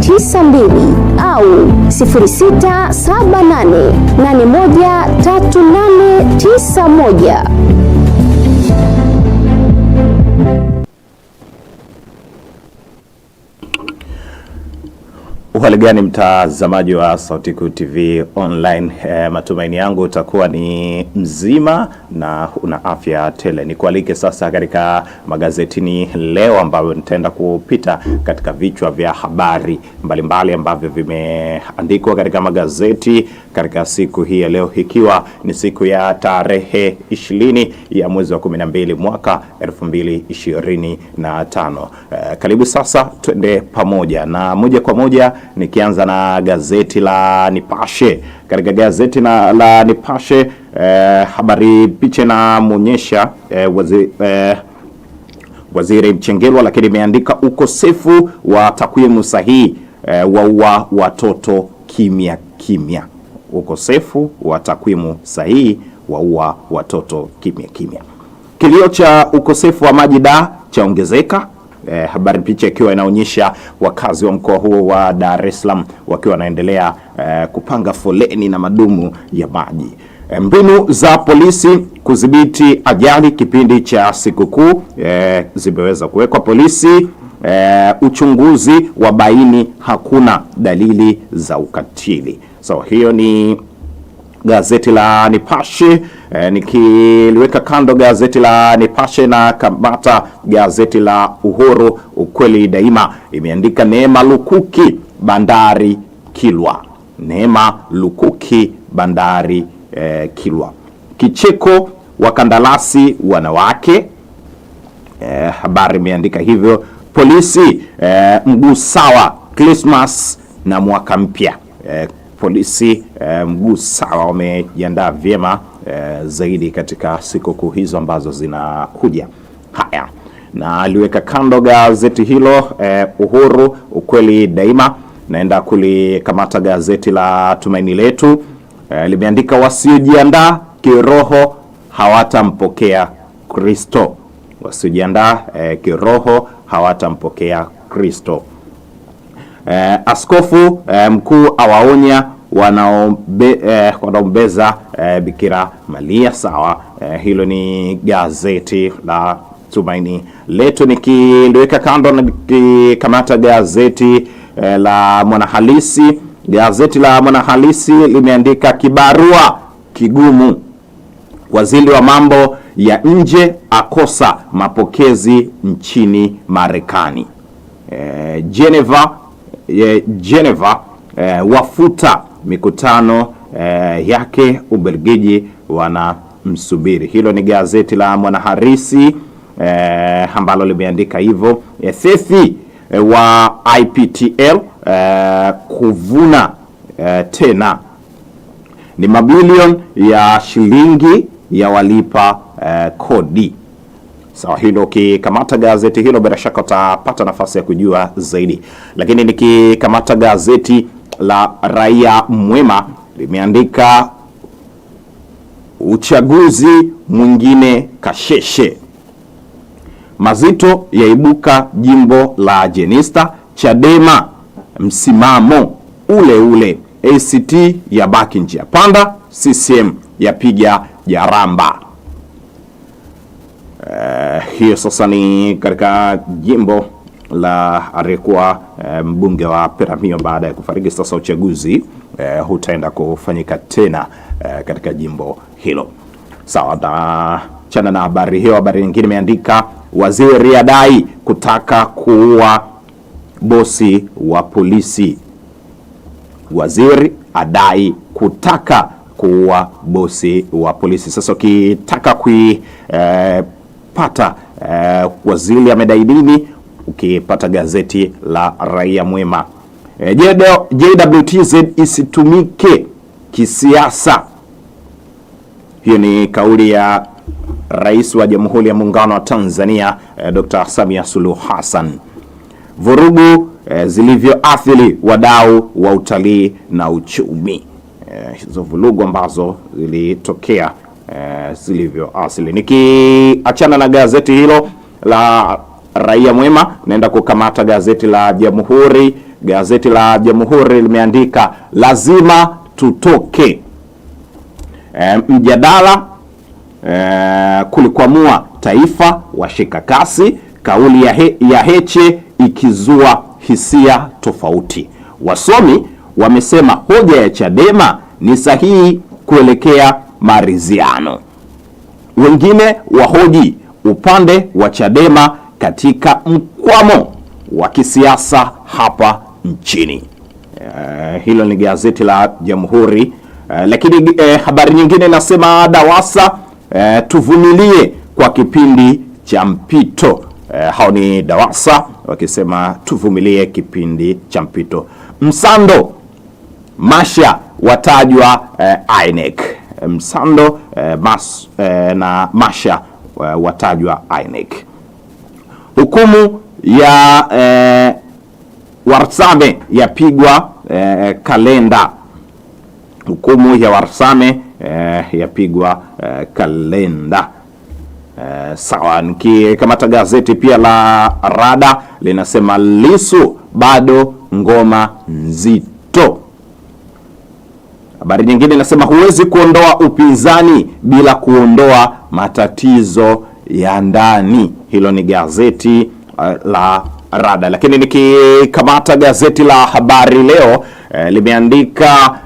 92 au 0678813891. Uhali gani mtazamaji wa Sauti Kuu TV online? E, matumaini yangu utakuwa ni mzima na una afya tele. Nikualike sasa katika magazetini leo, ambayo nitaenda kupita katika vichwa vya habari mbalimbali ambavyo vimeandikwa katika magazeti katika siku hii ya leo, ikiwa ni siku ya tarehe 20 ya mwezi wa 12 mwaka 2025. E, eh, karibu sasa twende pamoja na moja kwa moja nikianza na gazeti la Nipashe. Katika gazeti na, la Nipashe eh, habari picha inamwonyesha eh, wazi eh, Waziri mchengelwa lakini imeandika ukosefu wa takwimu sahihi eh, waua watoto kimya kimya ukosefu wa takwimu sahihi waua watoto kimya kimya. Kilio cha ukosefu wa maji da chaongezeka. Eh, habari picha ikiwa inaonyesha wakazi wa mkoa huo wa Dar es Salaam wakiwa wanaendelea eh, kupanga foleni na madumu ya maji. Eh, mbinu za polisi kudhibiti ajali kipindi cha sikukuu eh, zimeweza kuwekwa. Polisi eh, uchunguzi wa baini hakuna dalili za ukatili. So hiyo ni gazeti la Nipashe e, nikiliweka kando gazeti la Nipashe na kamata gazeti la Uhuru. Ukweli Daima imeandika neema lukuki bandari Kilwa, neema lukuki bandari e, Kilwa. Kicheko wakandarasi wanawake e, habari imeandika hivyo. Polisi mguu mgusawa Christmas na mwaka mpya e, polisi e, mguu sawa, wamejiandaa vyema e, zaidi katika sikukuu hizo ambazo zinakuja. Haya, na aliweka kando gazeti hilo e, Uhuru ukweli daima. Naenda kulikamata gazeti la Tumaini Letu e, limeandika wasiojiandaa kiroho hawatampokea Kristo, wasiojiandaa e, kiroho hawatampokea Kristo eh, askofu eh, mkuu awaonya wanaombeza eh, wanaombeza eh, Bikira Maria sawa. Eh, hilo ni gazeti la Tumaini Letu, nikiliweka kando na nikikamata gazeti eh, la Mwanahalisi. Gazeti la Mwanahalisi limeandika kibarua kigumu, waziri wa mambo ya nje akosa mapokezi nchini Marekani. Eh, Geneva eh, Geneva eh, wafuta mikutano eh, yake Ubelgiji wana msubiri Hilo ni gazeti la Mwanaharisi eh, ambalo limeandika hivyo eh, thethi eh, wa IPTL eh, kuvuna eh, tena ni mabilioni ya shilingi ya walipa eh, kodi. Sawa, hilo ukikamata gazeti hilo bila shaka utapata nafasi ya kujua zaidi, lakini nikikamata gazeti la Raia Mwema limeandika uchaguzi mwingine kasheshe, mazito yaibuka jimbo la Jenista, Chadema msimamo ule ule, ACT ya baki njia panda, CCM yapiga jaramba. Uh, hiyo sasa ni katika jimbo la aliyekuwa uh, eh, mbunge wa Peramiho baada ya kufariki. Sasa uchaguzi uh, eh, utaenda kufanyika tena uh, katika jimbo hilo. Sawa, chana na habari hiyo. Habari nyingine imeandika waziri Riadai kutaka kuua bosi wa polisi. Waziri adai kutaka kuua bosi wa polisi. Sasa ukitaka kui eh, kupata eh, waziri amedai nini, ukipata gazeti la Raia Mwema. Eh, JWTZ isitumike kisiasa, hiyo ni kauli ya Rais wa Jamhuri ya Muungano wa Tanzania eh, Dr. Samia Suluhu Hassan. Vurugu eh, zilivyoathiri wadau wa utalii na uchumi, eh, hizo eh, vurugu ambazo zilitokea eh, zilivyo asili. Nikiachana na gazeti hilo la Raia Mwema, naenda kukamata gazeti la Jamhuri. Gazeti la Jamhuri limeandika lazima tutoke e, mjadala e, kulikwamua taifa washika kasi, kauli ya, he, ya Heche ikizua hisia tofauti. Wasomi wamesema hoja ya Chadema ni sahihi kuelekea maridhiano. Wengine wahoji upande wa Chadema katika mkwamo wa kisiasa hapa nchini. Uh, hilo ni gazeti la Jamhuri. Uh, lakini uh, habari nyingine inasema DAWASA uh, tuvumilie kwa kipindi cha mpito. Uh, hao ni DAWASA wakisema tuvumilie kipindi cha mpito. Msando Masha watajwa uh, INEC Eh, Msando eh, mas, eh, na Masha eh, watajwa INEC. Hukumu ya eh, Warsame yapigwa eh, kalenda. Hukumu ya Warsame eh, yapigwa eh, kalenda. Eh, sawa, nikikamata gazeti pia la Rada linasema Lisu bado ngoma nzito Habari nyingine inasema huwezi kuondoa upinzani bila kuondoa matatizo ya ndani. Hilo ni gazeti uh, la Rada. Lakini nikikamata gazeti la Habari Leo eh, limeandika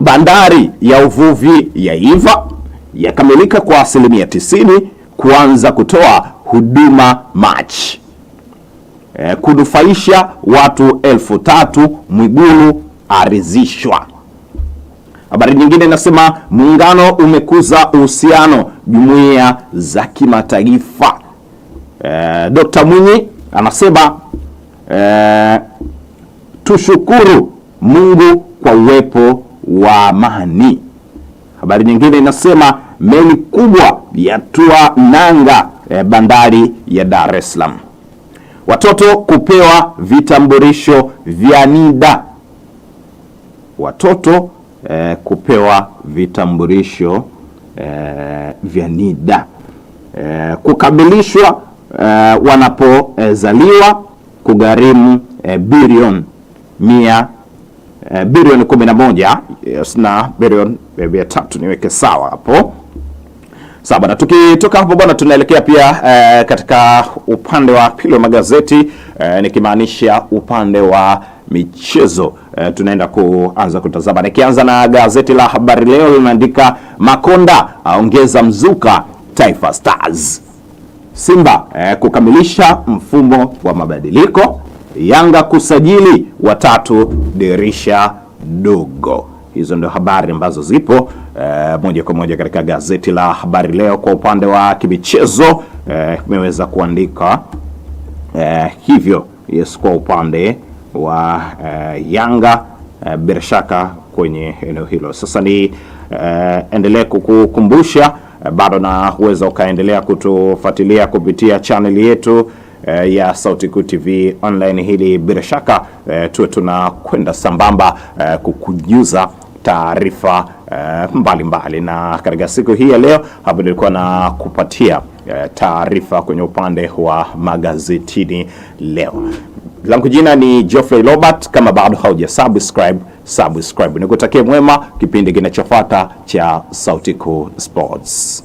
bandari ya uvuvi ya iva yakamilika kwa asilimia 90 kuanza kutoa huduma Machi eh, kunufaisha watu elfu tatu. Mwigulu arizishwa Habari nyingine inasema muungano umekuza uhusiano jumuiya za kimataifa. E, eh, Dr. Mwinyi anasema e, tushukuru Mungu kwa uwepo wa amani. Habari nyingine inasema meli kubwa yatua nanga e, bandari ya Dar es Salaam. Watoto kupewa vitambulisho vya NIDA. Watoto eh, kupewa vitambulisho eh, vya NIDA eh, kukamilishwa eh, wanapozaliwa eh, kugharimu eh, bilioni mia eh, bilioni kumi na moja yes, na bilioni eh, mia tatu niweke sawa hapo saba. Na tukitoka hapo bwana, tunaelekea pia eh, katika upande wa pili wa magazeti eh, nikimaanisha upande wa michezo eh, tunaenda kuanza kutazama, nikianza na gazeti la Habari Leo linaandika Makonda aongeza mzuka Taifa Stars, Simba eh, kukamilisha mfumo wa mabadiliko, Yanga kusajili watatu dirisha dogo. Hizo ndio habari ambazo zipo e, moja kwa moja katika gazeti la Habari Leo. Kwa upande wa kimichezo imeweza eh, e, kuandika e, hivyo yes, kwa upande wa uh, Yanga uh, bila shaka kwenye eneo hilo. Sasa ni uh, endelee kukukumbusha uh, bado na huweza ukaendelea kutufuatilia kupitia chaneli yetu Uh, ya Sauti Kuu TV online. Hili bila shaka uh, tuwe tunakwenda sambamba uh, kukujuza taarifa uh, mbalimbali, na katika siku hii ya leo hapo nilikuwa na kupatia uh, taarifa kwenye upande wa magazetini leo langu jina ni Geoffrey Robert. Kama bado hauja subscribe, subscribe. Nikutakie mwema kipindi kinachofuata cha Sauti Kuu Sports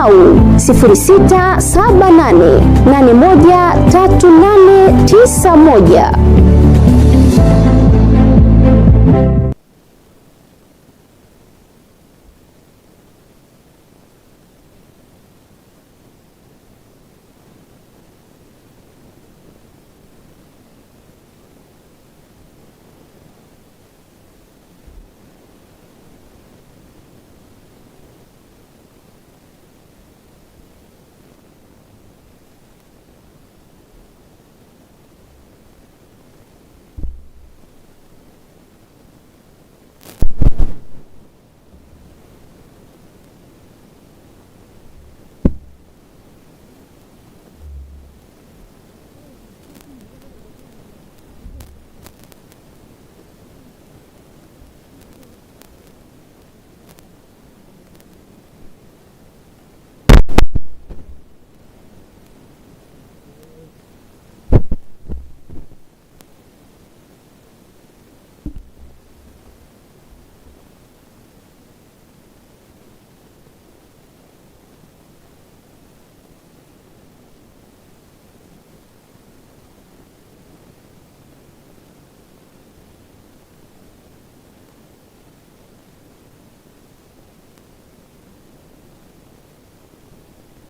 au 0678813891.